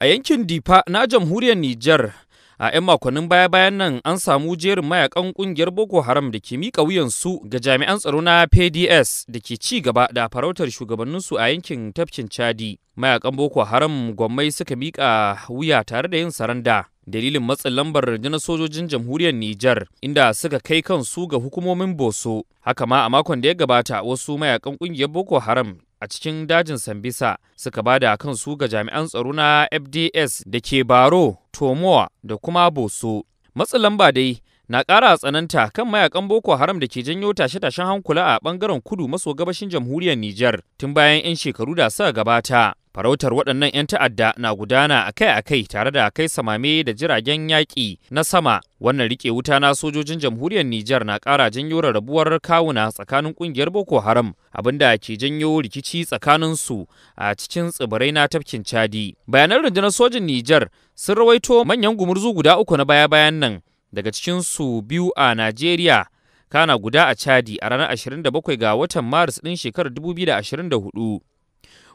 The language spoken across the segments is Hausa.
A yankin Difa na jamhuriyar Nijar, a 'yan makonnin baya-bayan nan an samu jerin mayakan kungiyar Boko Haram da ke miƙa wuyansu ga jami'an tsaro na PDS da ke ci gaba da farautar shugabanninsu a yankin tafkin Chadi. Mayakan Boko Haram gwammai suka miƙa wuya tare da yin saranda. dalilin matsin lambar rundunar sojojin jamhuriyar Nijar inda suka kai kansu ga hukumomin Boso. Haka ma a makon da ya gabata wasu mayakan kungiyar Boko Haram a cikin dajin Sambisa suka bada su ga jami'an tsaro na FDS da ke Baro, Tomowa da kuma Boso. Matsin lamba dai na ƙara tsananta kan mayakan Boko Haram da ke janyo tashe-tashen hankula a ɓangaren kudu maso gabashin jamhuriyar Nijar tun bayan 'yan shekaru da suka gabata. Farautar waɗannan 'yan ta'adda na gudana akai-akai tare da kai samame da jiragen yaƙi na sama. Wannan riƙe wuta na sojojin jamhuriyar Nijar na ƙara janyo rarrabuwar kawuna tsakanin ƙungiyar Boko Haram abinda ke janyo rikici tsakanin su a cikin tsibirai na tafkin Chadi. Bayanan rundunar sojin Nijar sun rawaito manyan gumurzu guda uku na baya-bayan nan daga cikin su biyu a Najeriya, kana guda a Chadi a ranar 27 ga watan Maris ɗin shekarar 2024.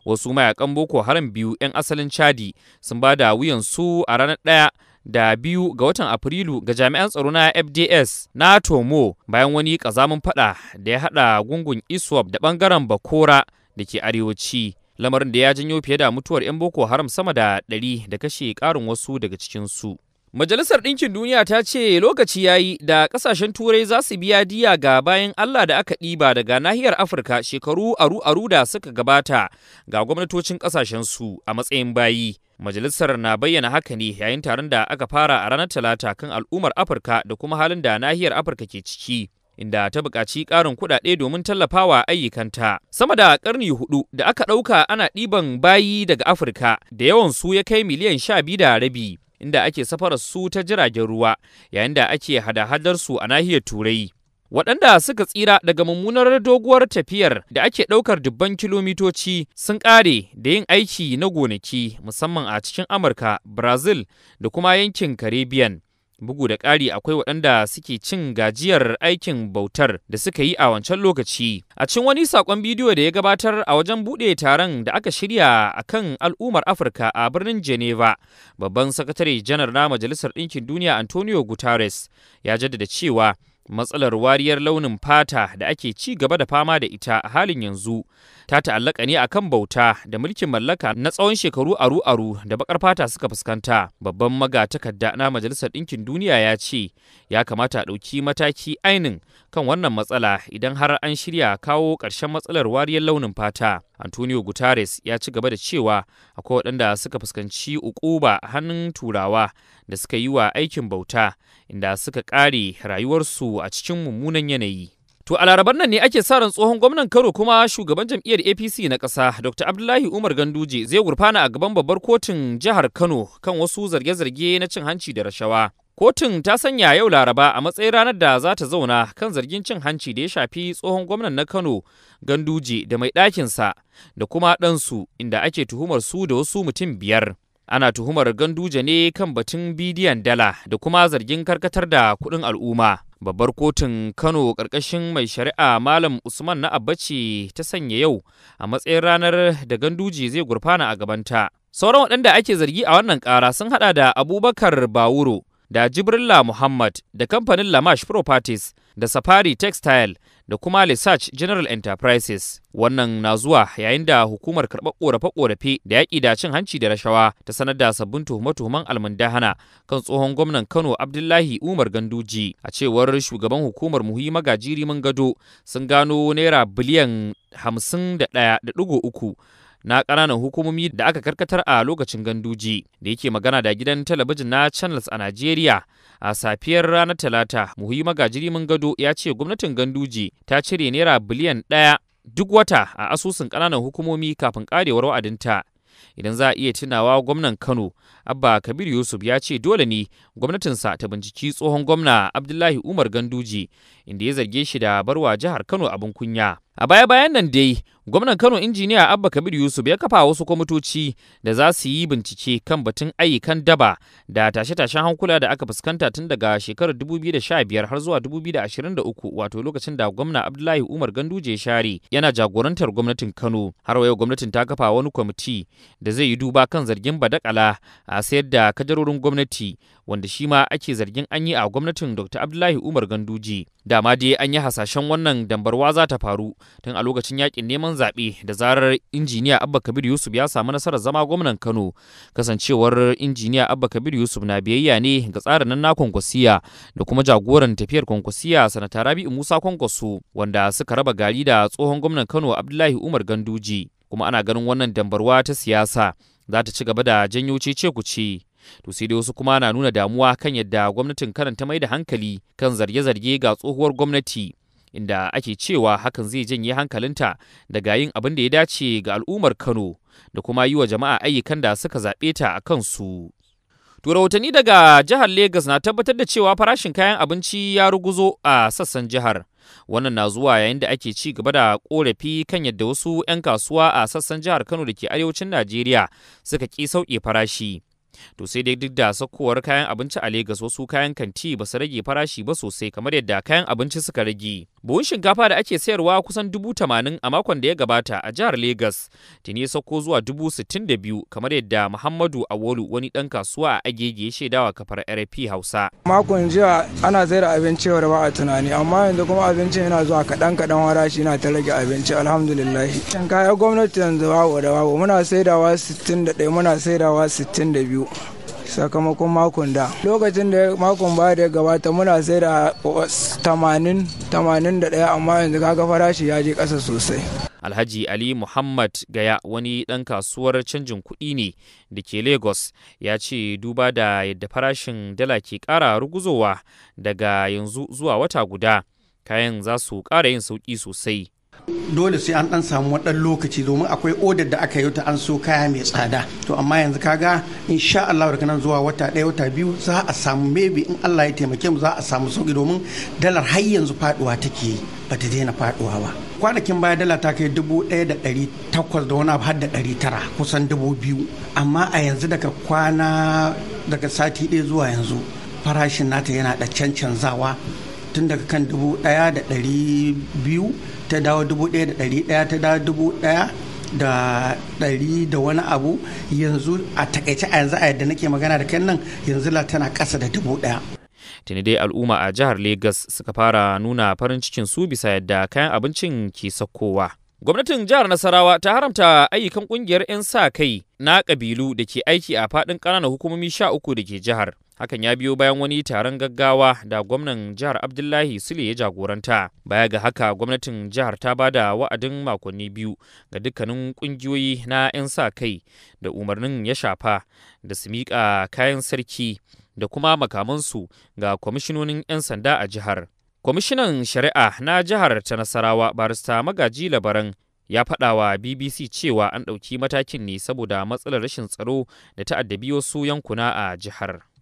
Wasu mayakan Boko Haram biyu 'yan asalin Chadi sun ba da wuyansu a ranar ɗaya da biyu ga watan Afrilu ga jami'an tsaro na FDS na Tomo bayan wani ƙazamin faɗa da ya haɗa gungun ISWAP da ɓangaren Bakora da ke arewaci. Lamarin da ya janyo fiye da mutuwar 'yan Boko Haram sama da ɗari da kashe ƙarin wasu daga cikinsu. Majalisar Ɗinkin Duniya ta ce lokaci ya yi da ƙasashen Turai za su biya diya ga bayan Allah da aka ɗiba daga nahiyar Afirka shekaru aru-aru da suka gabata ga gwamnatocin su a matsayin bayi. Majalisar na bayyana haka ne yayin taron da aka fara a ranar Talata kan al'ummar Afirka da kuma halin da nahiyar Afirka ke ciki. inda ta buƙaci ƙarin kuɗaɗe domin tallafawa ayyukanta. Sama da ƙarni huɗu da aka ɗauka ana ɗiban bayi daga Afirka da yawan su ya kai miliyan sha biyu da rabi. inda ake safarar su ta jiragen ruwa yayin da ake hada-hadar su a nahiyar turai waɗanda suka tsira daga mummunar doguwar tafiyar da ake ɗaukar dubban kilomitoci sun ƙare da yin aiki na gonaki musamman a cikin amurka brazil da kuma yankin caribbean Bugu da ƙari akwai waɗanda suke cin gajiyar aikin bautar da suka yi a wancan lokaci. A cin wani saƙon bidiyo da ya gabatar a wajen buɗe taron da aka shirya a kan al'ummar Afirka a birnin Geneva, babban sakatare janar na Majalisar Ɗinkin Duniya Antonio Guterres ya jaddada cewa matsalar wariyar launin fata da ake ci gaba da fama da ita a halin yanzu ta ta'allaka ne akan bauta da mulkin mallaka na tsawon shekaru aru-aru da bakar fata suka fuskanta babban magatakarda na majalisar ɗinkin duniya ya ce ya kamata a ɗauki mataki ainin kan wannan matsala idan har an shirya kawo ƙarshen matsalar wariyar launin fata antonio guterres ya ci gaba da cewa akwai waɗanda suka fuskanci ukuba hannun turawa da suka yi wa aikin bauta inda suka ƙare rayuwarsu a cikin mummunan yanayi. To a larabar nan ne ake sa ran tsohon gwamnan Kano kuma shugaban jam'iyyar APC na ƙasa Dr. Abdullahi Umar Ganduje zai gurfana a gaban babbar kotun jihar Kano kan wasu zarge-zarge na cin hanci da rashawa. Kotun ta sanya yau Laraba a matsayin ranar da za ta zauna kan zargin cin hanci da ya shafi tsohon gwamnan na Kano Ganduje da mai ɗakinsa da kuma ɗansu inda ake tuhumar su da wasu mutum biyar. ana tuhumar ganduje ne kan batun bidiyon dala da kuma zargin karkatar da kuɗin al'umma babbar kotun kano ƙarƙashin mai shari'a malam usman na ce ta sanya yau a matsayin ranar da ganduji zai gurfana a gabanta sauran waɗanda ake zargi a wannan ƙara sun haɗa da abubakar bawuro da jibrilla muhammad da kamfanin lamash properties da safari textile da kuma Research General Enterprises. Wannan na zuwa yayin da hukumar karɓar ƙorafe-ƙorafe da yaƙi da cin hanci da rashawa ta sanar da sabbin tuhume-tuhumen almundahana kan tsohon gwamnan Kano Abdullahi Umar Ganduji a cewar shugaban hukumar muhi magajiri mun gado sun gano naira biliyan hamsin da ɗaya uku na ƙananan hukumomi da aka karkatar a lokacin ganduji da yake magana da gidan talabijin na channels a Najeriya a safiyar ranar Talata muhi magajiri mun gado ya ce gwamnatin ganduji ta cire naira biliyan ɗaya duk wata a asusun ƙananan hukumomi kafin ƙarewar wa'adinta idan za a iya tunawa gwamnan kano abba kabir yusuf ya ce dole ne gwamnatinsa ta binciki tsohon gwamna abdullahi umar ganduji inda ya zarge shi da barwa jihar kano abin kunya A baya-bayan nan dai, gwamnan Kano injiniya Abba Kabir Yusuf ya kafa wasu kwamitoci da za su yi bincike kan batun ayyukan daba da tashe-tashen hankula da aka fuskanta tun daga shekarar 2015 har zuwa 2023 wato lokacin da gwamna Abdullahi Umar Ganduje Share yana jagorantar gwamnatin Kano. Har yau gwamnatin ta kafa wani kwamiti da zai yi duba kan zargin badakala a sayar da kadarorin gwamnati wanda shi ma ake zargin an yi a gwamnatin Dr. Abdullahi Umar Ganduje. Dama dai an yi hasashen wannan dambarwa za ta faru tun a lokacin yakin neman zaɓe da zarar injiniya abba kabir yusuf ya samu nasarar zama gwamnan kano kasancewar injiniya abba kabir yusuf na biyayya ne ga tsarin nan na kwankwasiya da kuma jagoran tafiyar kwankwasiya sanata rabi'u musa kwankwaso wanda suka raba gari da tsohon gwamnan kano abdullahi umar ganduji kuma ana ganin wannan dambarwa ta siyasa za ta ci gaba da janyo cece kuce to sai dai wasu kuma na nuna damuwa kan yadda gwamnatin karanta mai da hankali kan zarge-zarge ga tsohuwar gwamnati inda ake cewa hakan zai janye hankalinta daga yin abin da ya dace ga al'ummar Kano da kuma yi wa jama'a ayyukan da suka zaɓe ta a kansu. To rahotanni daga jihar Legas na tabbatar da cewa farashin kayan abinci ya ruguzo a sassan jihar. Wannan na zuwa yayin da ake ci gaba da korafi kan yadda wasu 'yan kasuwa a sassan jihar Kano da ke arewacin Najeriya suka ƙi sauƙi farashi. to sai dai duk da sakowar kayan abinci a Legas wasu kayan kanti ba su rage farashi ba sosai kamar yadda kayan abinci suka rage. Buhun shinkafa da ake sayarwa kusan dubu tamanin a makon da ya gabata a jihar Legas tuni ya sauko zuwa dubu sittin da biyu kamar yadda Muhammadu Awolu wani dan kasuwa a Agege shaidawa kafar RP Hausa. Makon jiya ana zaira abinci wa ba a tunani amma yanzu kuma abincin yana zuwa kaɗan kaɗan farashi yana ta rage abinci alhamdulillah. Shinkafa gwamnati yanzu wa da babu muna saidawa sittin da ɗaya muna saidawa sittin da biyu biyu sakamakon makon da lokacin da makon baya da gabata muna sai da 80 81 amma yanzu kaga farashi ya je ƙasa sosai alhaji ali muhammad gaya wani ɗan kasuwar canjin kuɗi ne da ke lagos ya ce duba da yadda farashin dala ke ƙara ruguzowa daga yanzu zuwa wata guda kayan za su ƙara yin sauƙi sosai dole sai an dan samu wadan lokaci domin akwai odar da aka yi ta an so kaya mai tsada to amma yanzu kaga insha Allah daga nan zuwa wata ɗaya wata biyu za a samu maybe in Allah ya taimake mu za a samu sauki domin dalar har yanzu faduwa take ba ta daina faduwa ba kwanakin baya dala ta kai dubu ɗaya da ɗari takwas da wani har da ɗari tara kusan dubu biyu amma a yanzu daga kwana daga sati ɗaya zuwa yanzu farashin nata yana da cancanzawa tun daga kan dubu ɗaya da ɗari biyu ta dawo dubu ɗaya da ɗari ɗaya ta dawo dubu ɗaya da ɗari da wani abu yanzu a takaice a yanzu a yadda nake magana da kan nan yanzu la tana ƙasa da dubu ɗaya. tuni dai al'umma a jihar Legas suka fara nuna farin cikin su bisa yadda kayan abincin ke sakkowa. Gwamnatin jihar Nasarawa ta haramta ayyukan kungiyar 'yan sa kai na kabilu da ke aiki a faɗin ƙananan hukumomi sha uku da ke jihar. hakan ya biyo bayan wani taron gaggawa da gwamnan jihar abdullahi sule ya jagoranta baya ga haka gwamnatin jihar ta ba da wa'adin makonni biyu ga dukkanin kungiyoyi na 'yan sa kai da umarnin ya shafa da su miƙa kayan sarki da kuma makamansu ga kwamishinonin 'yan sanda a jihar kwamishinan shari'a na jihar ta nasarawa barista magaji labaran ya faɗa wa bbc cewa an ɗauki matakin ne saboda matsalar rashin tsaro da ta addabi wasu yankuna a jihar